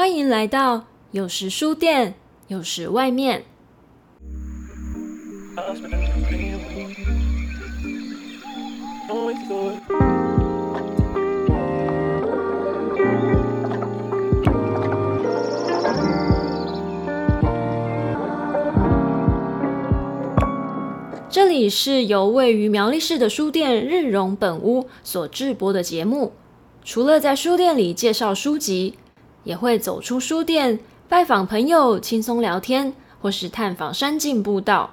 歡迎來到有時書店，有時外面。這裡是由位於苗栗市的書店日榮本屋所製播的節目，除了在書店裡介紹書籍。也會走出書店，拜訪朋友，輕鬆聊天，或是探訪山徑步道。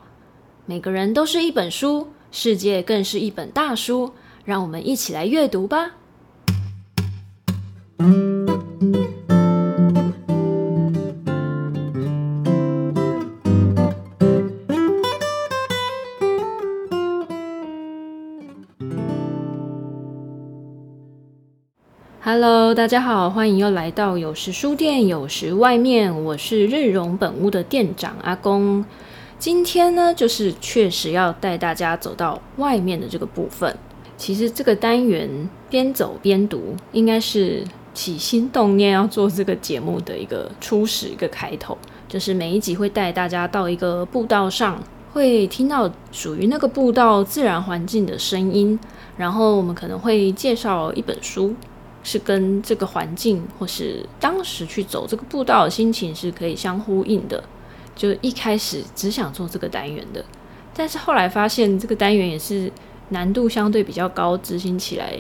每個人都是一本書，世界更是一本大書。讓我們一起來閱讀吧。嗯 Hello，大家好，歡迎又來到有時書店，有時外面。我是日榮本屋的店長阿公。今天呢，就是確實要帶大家走到外面的這個部分。其實這個單元邊走邊讀，應該是起心動念要做這個節目的一個初始一個開頭。就是每一集會帶大家到一個步道上，會聽到屬於那個步道自然環境的聲音，然後我們可能會介紹一本書。是跟這個環境，或是當時去走這個步道的心情是可以相呼應的。就一開始只想做這個單元的，但是後來發現這個單元也是難度相對比較高，執行起來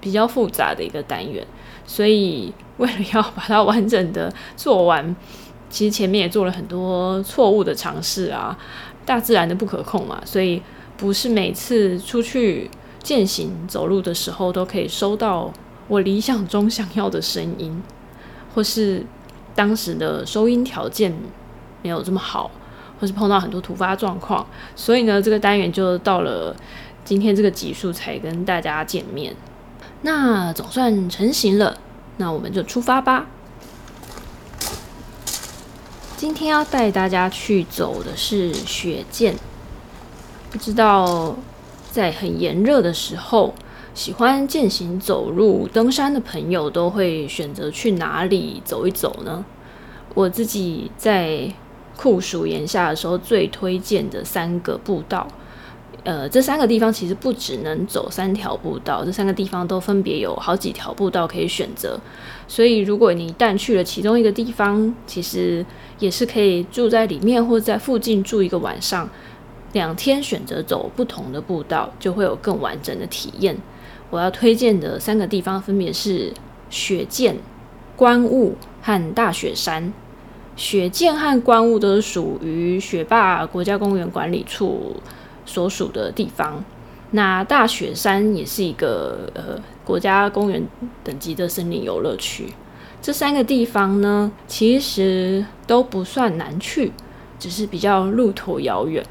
比較複雜的一個單元。所以為了要把它完整的做完，其實前面也做了很多錯誤的嘗試啊。大自然的不可控嘛，所以不是每次出去踐行走路的時候都可以收到我理想中想要的聲音，或是當時的收音條件沒有這麼好，或是碰到很多突發狀況，所以呢，這個單元就到了今天這個集數才跟大家見面。那總算成型了，那我們就出發吧。今天要帶大家去走的是雪見，不知道在很炎熱的時候。喜歡健行、走路、登山的朋友都會選擇去哪裡走一走呢？我自己在酷暑炎夏的時候最推薦的三個步道，呃，這三個地方其實不只能走三條步道，這三個地方都分別有好幾條步道可以選擇。所以，如果你一旦去了其中一個地方，其實也是可以住在裡面或者在附近住一個晚上、兩天，選擇走不同的步道，就會有更完整的體驗。我要推薦的三個地方分別是雪見、觀霧和大雪山。雪見和觀霧都是屬於雪霸國家公園管理處所屬的地方，那大雪山也是一個呃國家公園等級的森林遊樂區。這三個地方呢，其實都不算難去，只是比較路途遙遠。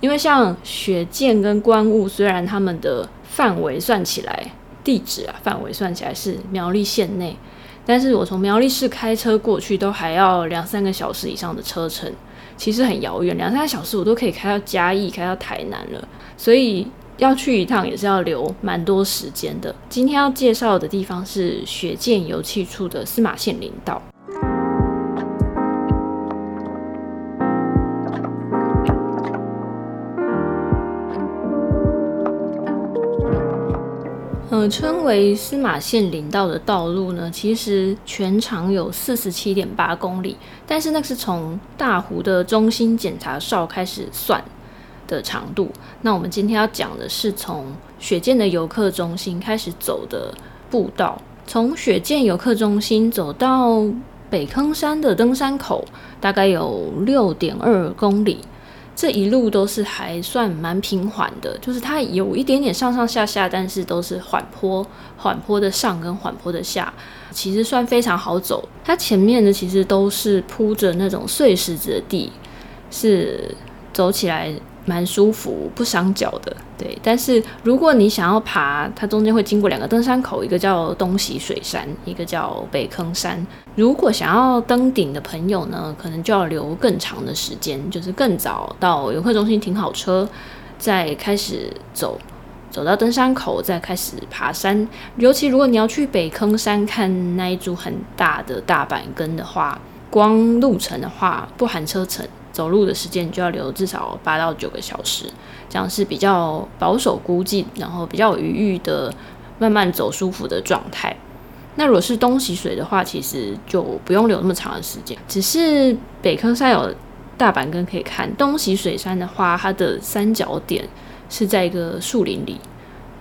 因為像雪見跟觀霧，雖然他們的範圍算起來，地址啊，範圍算起來是苗栗縣內，但是我從苗栗市開車過去都還要兩三個小時以上的車程，其實很遙遠，兩三個小時我都可以開到嘉義，開到台南了，所以要去一趟也是要留蠻多時間的。今天要介紹的地方是雪見遊憩區的司馬限林道。稱為司馬限林道的道路呢，其實全長有四十七點八公里，但是那是從大湖的中心檢查哨開始算的長度。那我們今天要講的是從雪見的遊客中心開始走的步道，從雪見遊客中心走到北坑山的登山口，大概有六點二公里。這一路都是還算蠻平緩的，就是它有一點點上上下下，但是都是緩坡，緩坡的上跟緩坡的下，其實算非常好走。它前面的其實都是鋪着那種碎石子的地，是走起來。蠻舒服，不傷腳的，對。但是如果你想要爬，它中間會經過兩個登山口，一個叫東洗水山，一個叫北坑山。如果想要登頂的朋友呢，可能就要留更長的時間，就是更早到遊客中心停好車，再開始走，走到登山口，再開始爬山。尤其如果你要去北坑山看那一株很大的大板根的話，光路程的話，不含車程。走路的時間你就要留至少八到九個小時，這樣是比較保守估計，然後比較有餘裕的慢慢走舒服的狀態。那如果是東洗水的話，其實就不用留那麼長的時間，只是北坑山有大板根可以看。東洗水山的話，它的三角點是在一個樹林裡，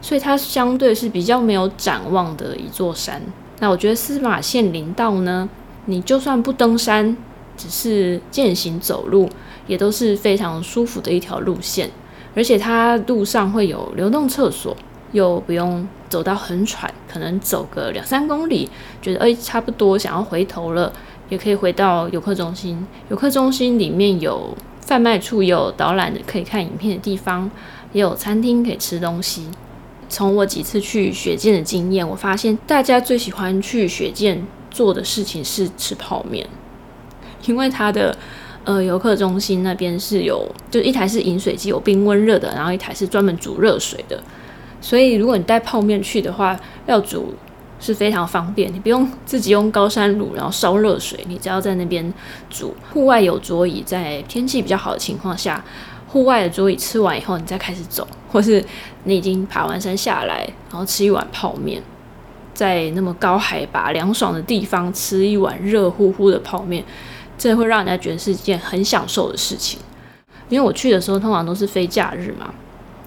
所以它相對是比較沒有展望的一座山。那我覺得司馬限林道呢，你就算不登山。只是健行走路也都是非常舒服的一條路線，而且它路上會有流動廁所，又不用走到很喘，可能走個兩三公里，覺得誒、欸、差不多想要回頭了，也可以回到遊客中心。遊客中心裡面有販賣處、有導覽的可以看影片的地方，也有餐廳可以吃東西。從我幾次去雪見的經驗，我發現大家最喜歡去雪見做的事情是吃泡麵。因為它的呃遊客中心那邊是有，就一台是飲水機，有冰溫熱的，然後一台是專門煮熱水的，所以如果你帶泡麵去的話，要煮是非常方便，你不用自己用高山爐，然後燒熱水，你只要在那邊煮。戶外有桌椅，在天氣比較好的情況下，戶外的桌椅吃完以後，你再開始走，或是你已經爬完山下來，然後吃一碗泡麵，在那麼高海拔涼爽的地方吃一碗熱乎乎的泡麵。這會讓人家覺得是一件很享受的事情，因為我去的時候通常都是非假日嘛，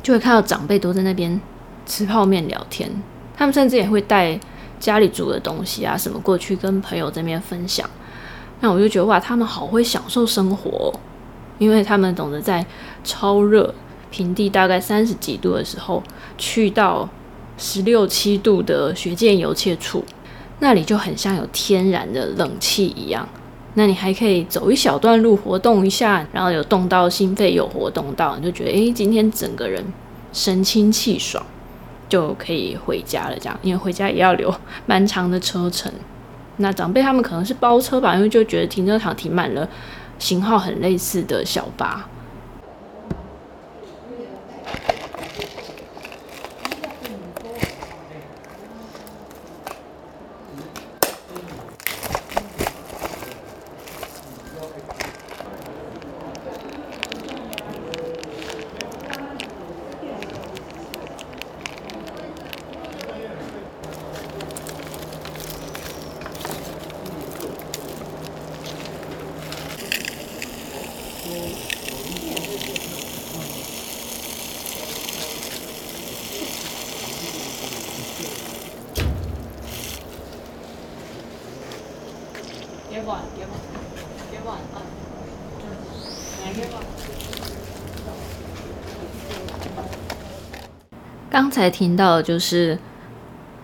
就會看到長輩都在那邊吃泡麵聊天，他們甚至也會帶家裡煮的東西啊什麼過去跟朋友這邊分享。那我就覺得哇，他們好會享受生活哦，因為他們懂得在超熱平地大概三十幾度的時候，去到十六七度的雪見遊憩區，那裡就很像有天然的冷氣一樣。那你還可以走一小段路活動一下，然後有動到心肺，有活動到，你就覺得誒，今天整個人神清氣爽，就可以回家了。這樣，因為回家也要留蠻長的車程。那長輩他們可能是包車吧，因為就覺得停車場停滿了型號很類似的小巴。剛才聽到的就是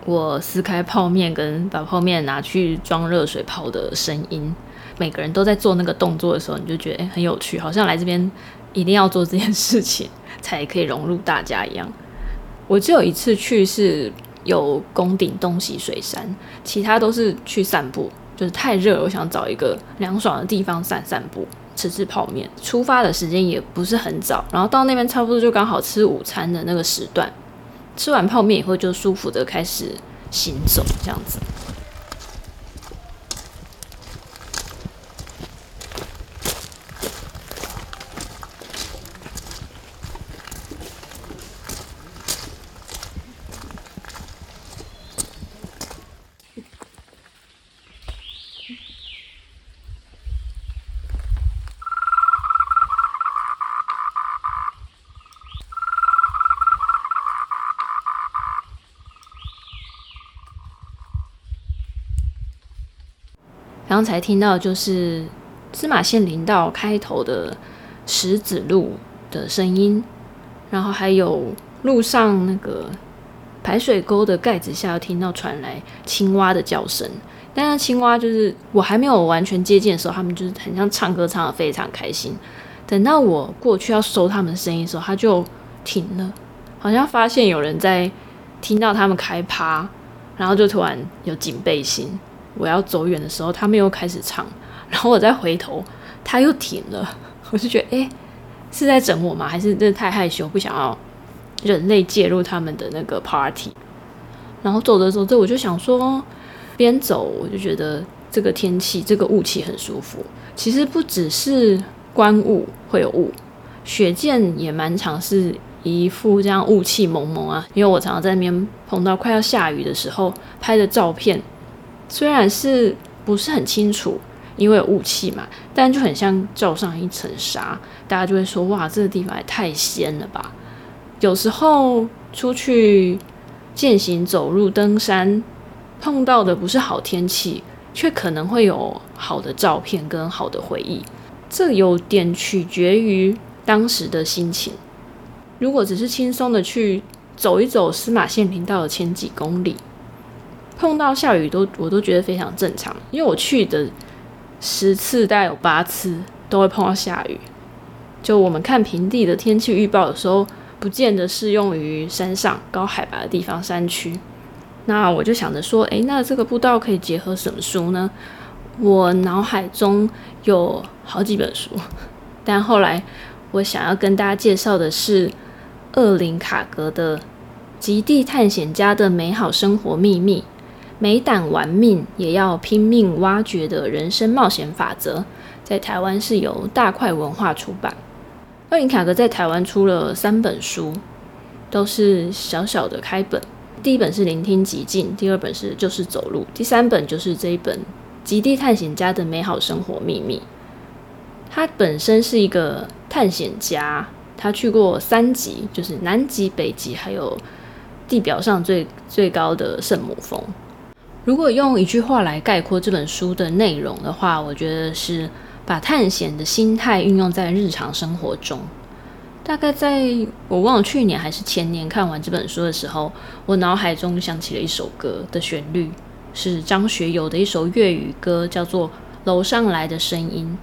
我撕開泡面跟把泡面拿去裝熱水泡的聲音。每個人都在做那個動作的時候，你就覺得，欸，很有趣，好像來這邊一定要做這件事情才可以融入大家一樣。我只有一次去是有攻頂東洗水山，其他都是去散步，就是太熱了，我想找一個涼爽的地方散散步，吃吃泡面。出發的時間也不是很早，然後到那邊差不多就剛好吃午餐的那個時段。吃完泡麵以後，就舒服的開始行走，這樣子。剛才聽到就是司馬限林道開頭的石子路的聲音，然後還有路上那個排水溝的蓋子下，聽到傳來青蛙的叫聲。但是青蛙就是我還沒有完全接近的時候，他們就是很像唱歌唱得非常開心。等到我過去要收他們聲音的時候，他就停了，好像發現有人在聽到他們開趴，然後就突然有警備心。我要走遠的時候，他們又開始唱，然後我再回頭，他又停了。我就覺得，哎、欸，是在整我嗎？還是真的太害羞，不想要人類介入他們的那個 party？然後走着走着，我就想說，邊走我就覺得這個天氣，這個霧氣很舒服。其實不只是觀霧會有霧，雪見也蠻常是一副這樣霧氣濛濛啊。因為我常常在那邊碰到快要下雨的時候拍的照片。雖然是不是很清楚，因為有霧氣嘛，但就很像罩上一層紗，大家就會說哇，這個地方也太仙了吧！有時候出去健行、走路、登山，碰到的不是好天氣，卻可能會有好的照片跟好的回憶。這有點取決於當時的心情。如果只是輕鬆的去走一走司馬限林道的前幾公里。碰到下雨都我都覺得非常正常，因為我去的十次大概有八次都會碰到下雨。就我們看平地的天氣預報的時候，不見得適用於山上高海拔的地方山區。那我就想着說，誒，那這個步道可以結合什麼書呢？我腦海中有好幾本書，但後來我想要跟大家介紹的是厄凌‧卡格的《極地探險家的美好生活秘密》。沒膽玩命，也要拼命挖掘的人生冒險法則，在台灣是由大塊文化出版。厄凌卡格在台灣出了三本書，都是小小的開本。第一本是《聆聽極境》，第二本是《就是走路》，第三本就是這一本《極地探險家的美好生活祕密》。他本身是一個探險家，他去過三級，就是南極、北極，還有地表上最最高的聖母峰。如果用一句話來概括這本書的內容的話，我覺得是把探險的心態運用在日常生活中。大概在我忘了去年還是前年看完這本書的時候，我腦海中響起了一首歌的旋律，是張學友的一首粵語歌，叫做《樓上來的聲音》。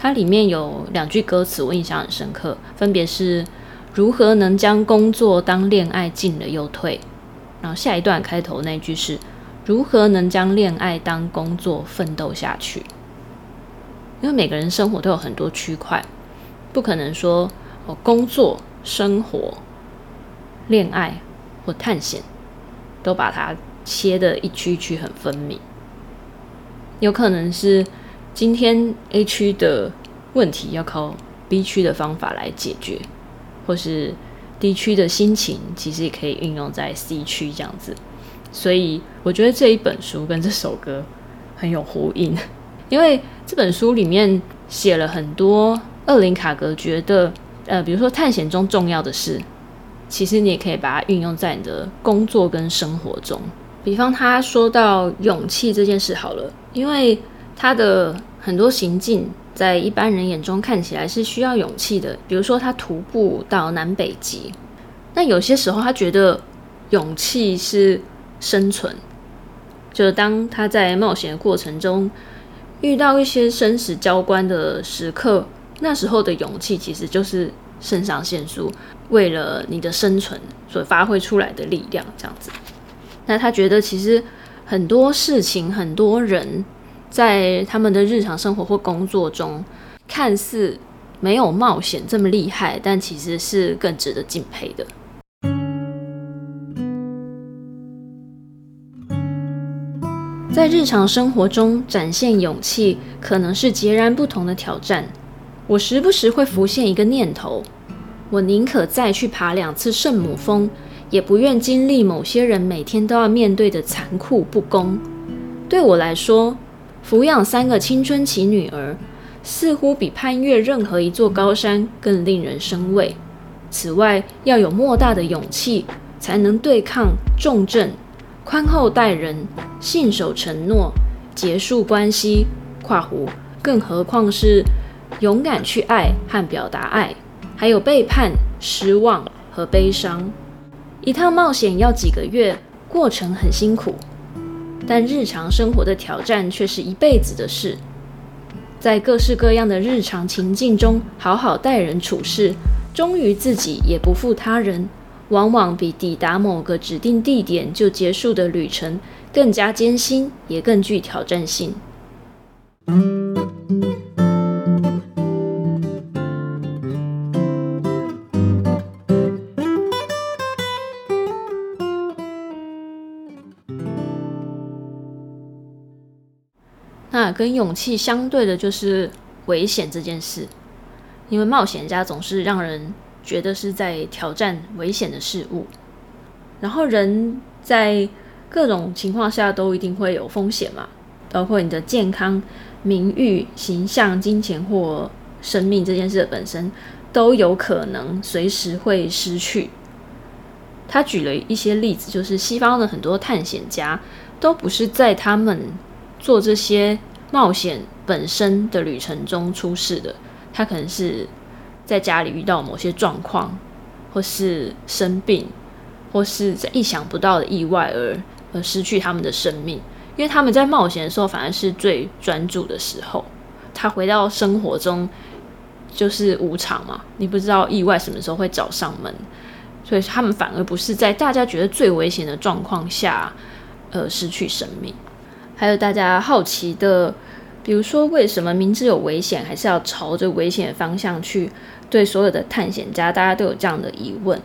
它裡面有兩句歌詞我印象很深刻，分別是“如何能將工作當戀愛，進了又退”，然後下一段開頭那句是。如何能將戀愛當工作奮鬥下去？因為每個人生活都有很多區塊，不可能說哦，工作、生活、戀愛或探險，都把它切得一區一區很分明。有可能是今天 A 區的問題，要靠 B 區的方法來解決，或是 D 區的心情，其實也可以運用在 C 區這樣子。所以我覺得這一本書跟這首歌很有呼應，因為這本書裡面寫了很多厄凌‧卡格覺得，呃，比如說探險中重要的事。其實你也可以把它運用在你的工作跟生活中。比方他說到勇氣這件事好了，因為他的很多行徑在一般人眼中看起來是需要勇氣的，比如說他徒步到南北極，那有些時候他覺得勇氣是。生存，就是當他在冒險的過程中遇到一些生死交關的時刻，那時候的勇氣其實就是腎上腺素，為了你的生存所發揮出來的力量，這樣子。那他覺得其實很多事情、很多人在他們的日常生活或工作中，看似沒有冒險這麼厲害，但其實是更值得敬佩的。在日常生活中展現勇氣，可能是截然不同的挑戰。我時不時會浮現一個念頭：我寧可再去爬兩次聖母峰，也不願經歷某些人每天都要面對的殘酷不公。對我來說，撫養三個青春期女兒，似乎比攀越任何一座高山更令人生畏。此外，要有莫大的勇氣，才能對抗重症。寬厚待人，信守承諾，結束關係，跨湖，更何況是勇敢去愛和表達愛，還有背叛、失望和悲傷。一趟冒險要幾個月，過程很辛苦，但日常生活的挑戰卻是一輩子的事。在各式各樣的日常情境中，好好待人處事，忠於自己，也不負他人。往往比抵達某個指定地點就結束的旅程更加艱辛，也更具挑戰性。嗯，那跟勇氣相對的就是危險這件事，因為冒險家總是讓人覺得是在挑戰危險的事物，然後人在各種情況下都一定會有風險嘛，包括你的健康、名譽、形象、金錢或生命，這件事的本身都有可能隨時會失去。他舉了一些例子，就是西方的很多探險家都不是在他們做這些冒險本身的旅程中出事的，他可能是。在家裡遇到某些狀況，或是生病，或是在意想不到的意外而而失去他們的生命，因為他們在冒險的時候反而是最專注的時候。他回到生活中就是無常嘛，你不知道意外什麼時候會找上門，所以他們反而不是在大家覺得最危險的狀況下，而，呃，失去生命。還有大家好奇的，比如說為什麼明知有危險，還是要朝着危險的方向去？對所有的探險家，大家都有這樣的疑問。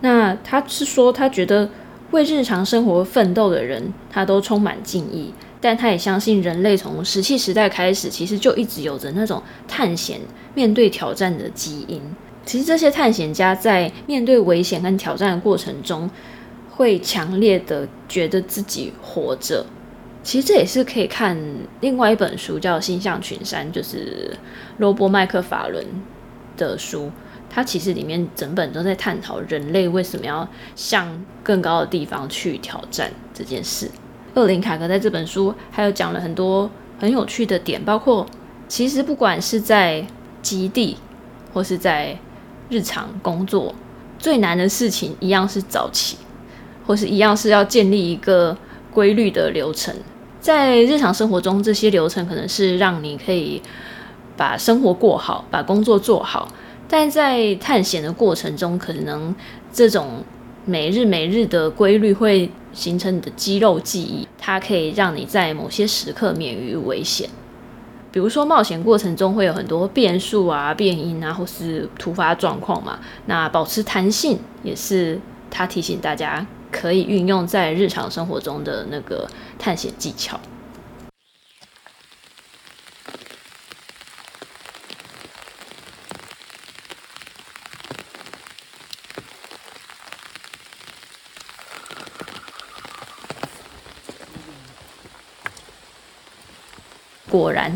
那他是說，他覺得為日常生活奮鬥的人，他都充滿敬意。但他也相信，人類從石器時代開始，其實就一直有着那種探險、面對挑戰的基因。其實這些探險家在面對危險跟挑戰的過程中，會強烈的覺得自己活着。其實這也是可以看另外一本書，叫《星象群山》，就是羅伯麥克法倫。的書，它其實裡面整本都在探討人類為什麼要向更高的地方去挑戰這件事。厄凌‧卡格在這本書還有講了很多很有趣的點，包括其實不管是在基地或是在日常工作，最難的事情一樣是早起，或是一樣是要建立一個規律的流程。在日常生活中，這些流程可能是讓你可以。把生活過好，把工作做好，但在探險的過程中，可能這種每日每日的規律會形成你的肌肉記憶，它可以讓你在某些時刻免於危險。比如說，冒險過程中會有很多變數啊、變因啊，或是突發狀況嘛。那保持彈性也是他提醒大家可以運用在日常生活中的那個探險技巧。果然，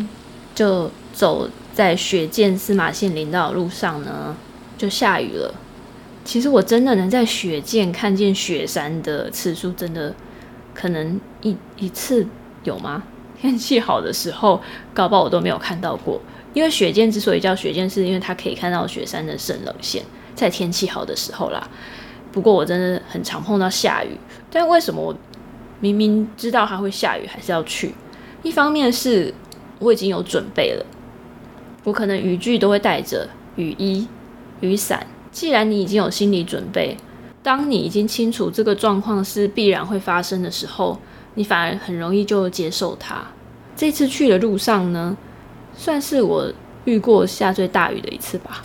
就走在雪見司馬限林道的路上呢，就下雨了。其實我真的能在雪見看見雪山的次數，真的可能一一次有嗎？天氣好的時候，搞不好我都沒有看到過。因為雪見之所以叫雪見，是因為它可以看到雪山的聖稜線，在天氣好的時候啦。不過我真的很常碰到下雨，但為什麼我明明知道它會下雨，還是要去？一方面是。我已經有準備了，我可能雨具都會帶着雨衣、雨傘。既然你已經有心理準備，當你已經清楚這個狀況是必然會發生的時候，你反而很容易就接受它。這次去的路上呢，算是我遇過下最大雨的一次吧。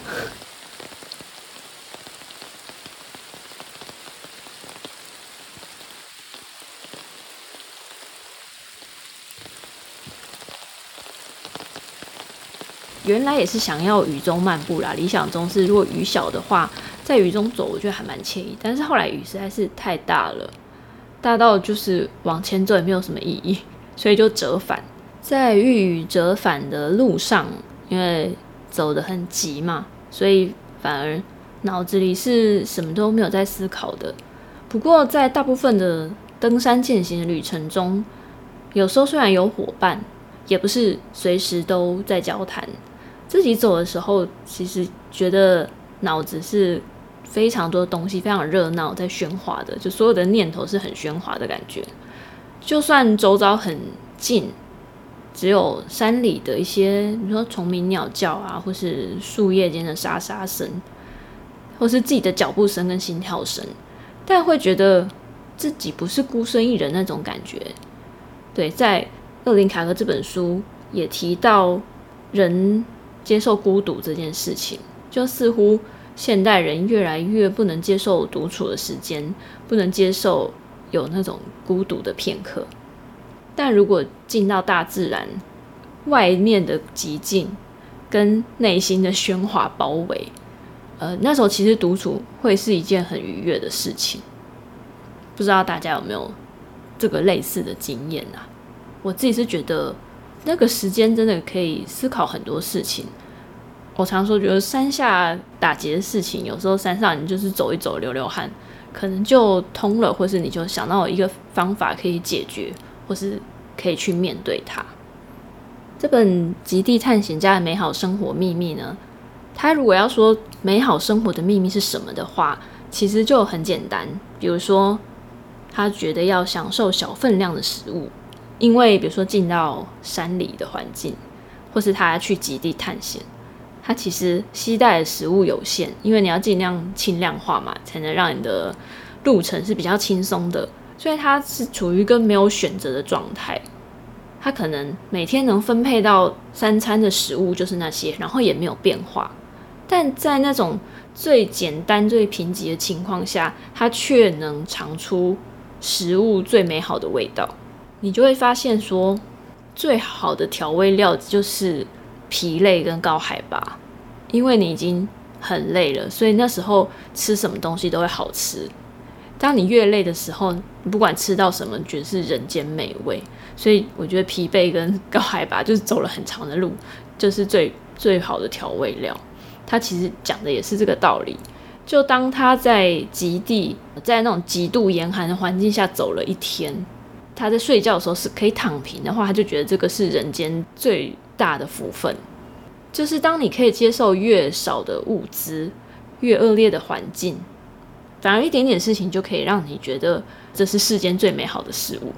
原來也是想要雨中漫步啦，理想中是如果雨小的話，在雨中走，我覺得還蠻愜意。但是後來雨實在是太大了，大到就是往前走也沒有什麼意義，所以就折返。在遇雨折返的路上，因為走得很急嘛，所以反而腦子裡是什麼都沒有在思考的。不過在大部分的登山健行的旅程中，有時候雖然有夥伴，也不是隨時都在交談。自己走的時候，其實覺得腦子是非常多東西，非常熱鬧，在喧嘩的，就所有的念頭是很喧嘩的感覺。就算周遭很靜，只有山裡的一些，你說蟲鳴鳥叫啊，或是樹葉間的沙沙聲，或是自己的腳步聲跟心跳聲，但會覺得自己不是孤身一人那種感覺。對，在厄凌‧卡格這本書也提到人。接受孤獨這件事情，就似乎現代人越來越不能接受獨處的時間，不能接受有那種孤獨的片刻。但如果進到大自然外面的寂靜，跟內心的喧嘩包圍，呃，那時候其實獨處會是一件很愉悅的事情。不知道大家有沒有這個類似的經驗啊？我自己是覺得。那個時間真的可以思考很多事情。我常說，覺得山下打結的事情，有時候山上你就是走一走、流流汗，可能就通了，或是你就想到有一個方法可以解決，或是可以去面對它。這本《極地探險家的美好生活秘密》呢，他如果要說美好生活的秘密是什麼的話，其實就很簡單。比如說，他覺得要享受小分量的食物。因為比如說進到山裡的環境，或是他去極地探險，他其實攜帶的食物有限，因為你要盡量輕量化嘛，才能讓你的路程是比較輕鬆的。所以他是處於一個沒有選擇的狀態，他可能每天能分配到三餐的食物就是那些，然後也沒有變化。但在那種最簡單、最貧瘠的情況下，他卻能嘗出食物最美好的味道。你就會發現，說最好的調味料就是疲累跟高海拔，因為你已經很累了，所以那時候吃什麼東西都會好吃。當你越累的時候，不管吃到什麼，覺得是人間美味。所以我覺得疲憊跟高海拔就是走了很長的路，就是最最好的調味料。它其實講的也是這個道理。就當他在極地，在那種極度嚴寒的環境下走了一天。他在睡覺的時候是可以躺平的話，他就覺得這個是人間最大的福分。就是當你可以接受越少的物資、越惡劣的環境，反而一點點事情就可以讓你覺得這是世間最美好的事物。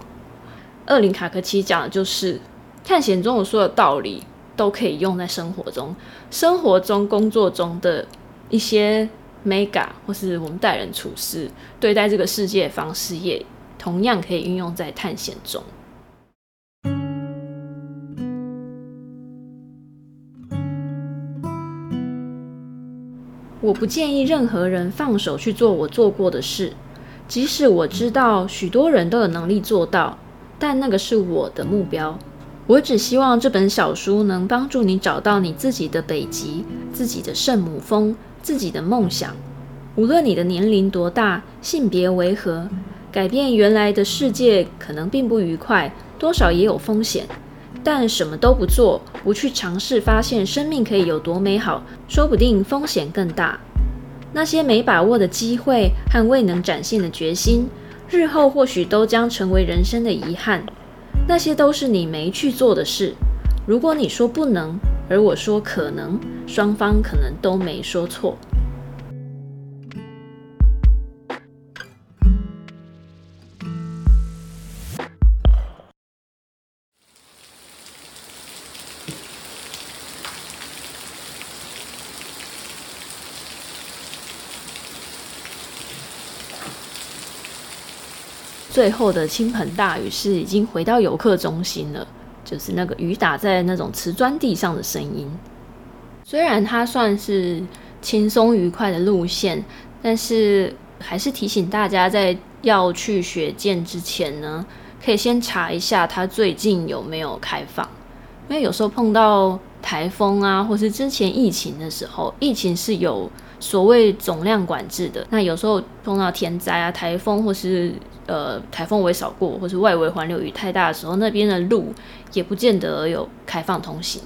厄凌卡格七講的就是探險中所說的道理，都可以用在生活中、生活中、工作中的一些 Mega，或是我們待人處事、對待這個世界方式也，同樣可以運用在探險中。我不建議任何人放手去做我做過的事，即使我知道許多人都有能力做到，但那個是我的目標。我只希望這本小書能幫助你找到你自己的北極、自己的聖母峰、自己的夢想，無論你的年齡多大、性別為何。改變原來的世界可能並不愉快，多少也有風險，但什麼都不做，不去嘗試發現生命可以有多美好，說不定風險更大。那些沒把握的機會和未能展現的決心，日後或許都將成為人生的遺憾。那些都是你沒去做的事。如果你說不能，而我說可能，雙方可能都沒說錯。最後的傾盆大雨是已經回到遊客中心了，就是那個雨打在那種瓷磚地上的聲音。雖然它算是輕鬆愉快的路線，但是還是提醒大家，在要去雪見之前呢，可以先查一下它最近有沒有開放，因為有時候碰到台風啊，或是之前疫情的時候，疫情是有。所謂總量管制的。那有時候碰到天災啊、颱風，或是呃颱風尾掃過，或是外圍環流雨太大的時候，那邊的路也不見得有開放通行。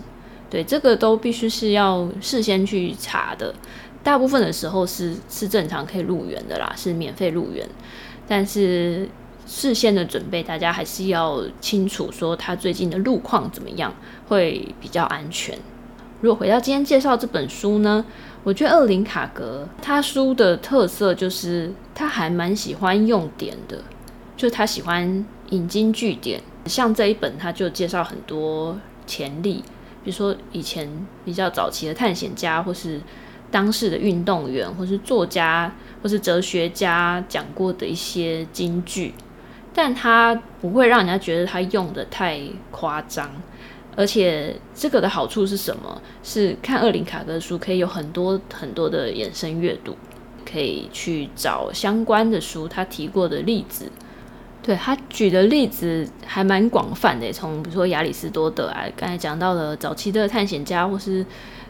對，這個都必須是要事先去查的。大部分的時候是是正常可以入園的啦，是免費入園，但是事先的準備，大家還是要清楚說它最近的路況怎麼樣，會比較安全。如果回到今天介紹這本書呢？我覺得厄凌卡格他書的特色就是，他還蠻喜歡用典的，就他喜歡引經據典。像這一本，他就介紹很多前例，比如說以前比較早期的探險家，或是當時的運動員，或是作家，或是哲學家講過的一些金句，但他不會讓人家覺得他用的太誇張。而且這個的好處是什麼？是看厄凌‧卡格書，可以有很多很多的衍生閱讀，可以去找相關的書，他提過的例子。對，他舉的例子還蠻廣泛的，從比如說亞里士多德啊，剛才講到了早期的探險家，或是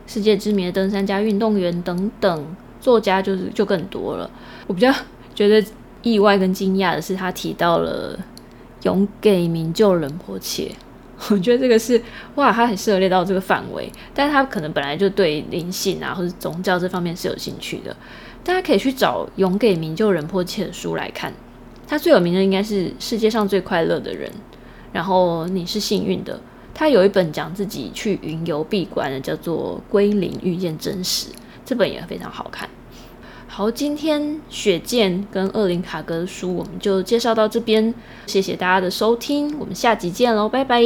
世界知名的登山家、運動員等等，作家就是就更多了。我比較覺得意外跟驚訝的是，他提到了勇給民救人婆切。我覺得這個是哇，他很涉獵到這個範圍，但是他可能本來就對靈性啊或者宗教這方面是有興趣的。大家可以去找詠給明就仁波切的書來看，他最有名的應該是《世界上最快樂的人》，然後你是幸運的，他有一本講自己去雲遊閉關的，叫做《歸零遇見真實》，這本也非常好看。好，今天雪見跟厄凌卡格的書，我們就介紹到這邊。謝謝大家的收聽，我們下集見嘍，拜拜。